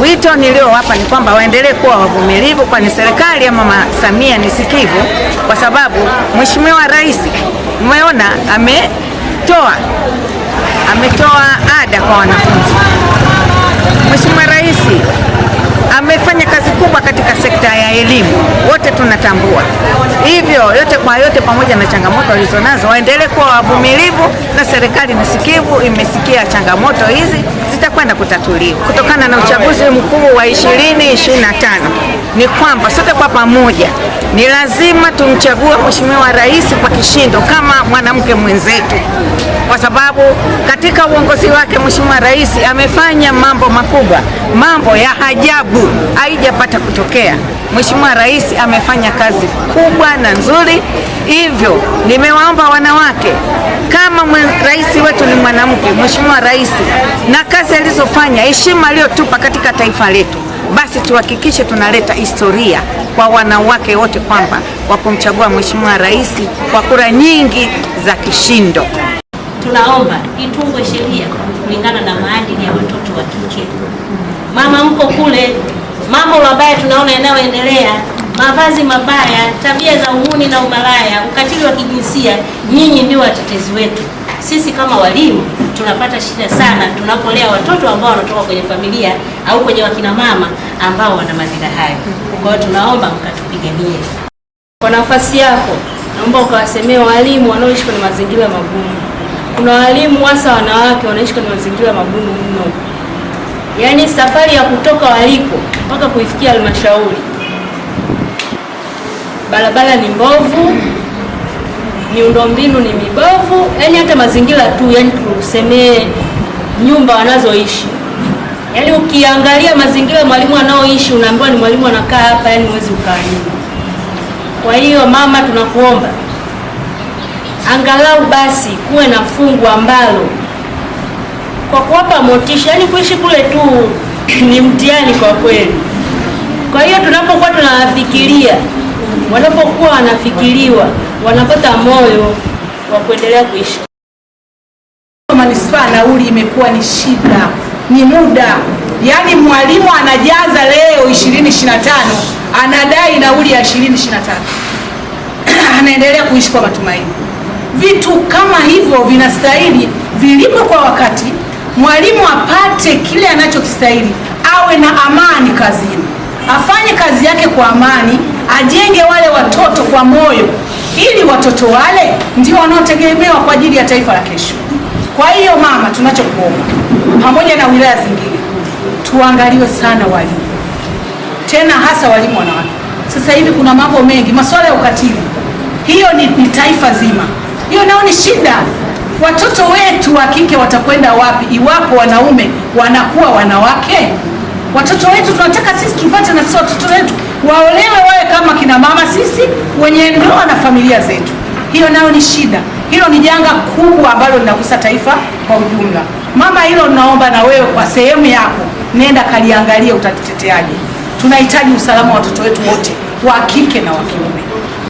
Wito niliowapa ni kwamba waendelee kuwa wavumilivu, kwani serikali ya Mama Samia ni sikivu, kwa sababu Mheshimiwa Rais umeona ametoa ametoa ada kwa wanafunzi. Mheshimiwa Rais kubwa katika sekta ya elimu, wote tunatambua hivyo. Yote kwa yote, pamoja na changamoto walizonazo, waendelee kuwa wavumilivu, na serikali msikivu, imesikia changamoto hizi zitakwenda kutatuliwa kutokana na uchaguzi mkuu wa 2025 ni kwamba sote kwa pamoja ni lazima tumchague Mheshimiwa Rais kwa kishindo kama mwanamke mwenzetu, kwa sababu katika uongozi wake Mheshimiwa Rais amefanya mambo makubwa, mambo ya ajabu haijapata kutokea. Mheshimiwa Rais amefanya kazi kubwa na nzuri, hivyo nimewaomba wanawake kama rais wetu ni mwanamke, Mheshimiwa Rais na kazi alizofanya, heshima aliyotupa katika taifa letu basi tuhakikishe tunaleta historia kwa wanawake wote kwamba kwa kumchagua Mheshimiwa Rais kwa kura nyingi za kishindo. Tunaomba itungwe sheria kulingana na maadili ya watoto wa kike. Mama mko kule, mambo mabaya tunaona yanayoendelea mavazi mabaya, tabia za uhuni na umalaya, ukatili wa kijinsia, nyinyi ndio watetezi wetu. Sisi kama walimu tunapata shida sana tunapolea watoto ambao wanatoka kwenye familia au kwenye wakina mama ambao wana madhila hayo. Kwa hiyo tunaomba mkatupiganie. Kwa nafasi yako, naomba ukawasemee walimu wanaoishi kwenye mazingira magumu. Kuna walimu hasa wanawake wanaishi kwenye mazingira magumu mno, yaani safari ya kutoka waliko mpaka kuifikia halmashauri barabara ni mbovu, miundombinu ni mibovu, yani hata mazingira tu, yani tusemee nyumba wanazoishi yaani ukiangalia mazingira mwalimu anaoishi unaambiwa ni mwalimu anakaa hapa, yani huwezi ukaa nyuma. Kwa hiyo mama, tunakuomba angalau basi kuwe na fungu ambalo kwa kuwapa motisha, yani kuishi kule tu ni mtihani kwa kweli. Kwa hiyo tunapokuwa tunawafikiria wanapokuwa wanafikiriwa wanapata moyo wa kuendelea kuishi. Manispaa nauli imekuwa ni shida, ni muda, yaani mwalimu anajaza leo 2025 anadai nauli ya 2025 anaendelea kuishi kwa matumaini. Vitu kama hivyo vinastahili vilipo kwa wakati, mwalimu apate kile anachokistahili, awe na amani kazini afanye kazi yake kwa amani, ajenge wale watoto kwa moyo, ili watoto wale ndio wanaotegemewa kwa ajili ya taifa la kesho. Kwa hiyo mama, tunachokuomba pamoja na wilaya zingine, tuangaliwe sana walimu, tena hasa walimu wanawake. Sasa hivi kuna mambo mengi, masuala ya ukatili, hiyo ni, ni taifa zima, hiyo nao ni shida. Watoto wetu wa kike watakwenda wapi iwapo wanaume wanakuwa wanawake? Watoto wetu tunataka sisi tupate na sisi watoto wetu waolewe wawe kama kina mama sisi wenye ndoa na familia zetu. Hiyo nayo ni shida, hilo ni janga kubwa ambalo linagusa taifa kwa ujumla. Mama, hilo naomba na wewe kwa sehemu yako nenda kaliangalia, utatuteteaje? Tunahitaji usalama wa watoto wetu wote wa kike na wa kiume.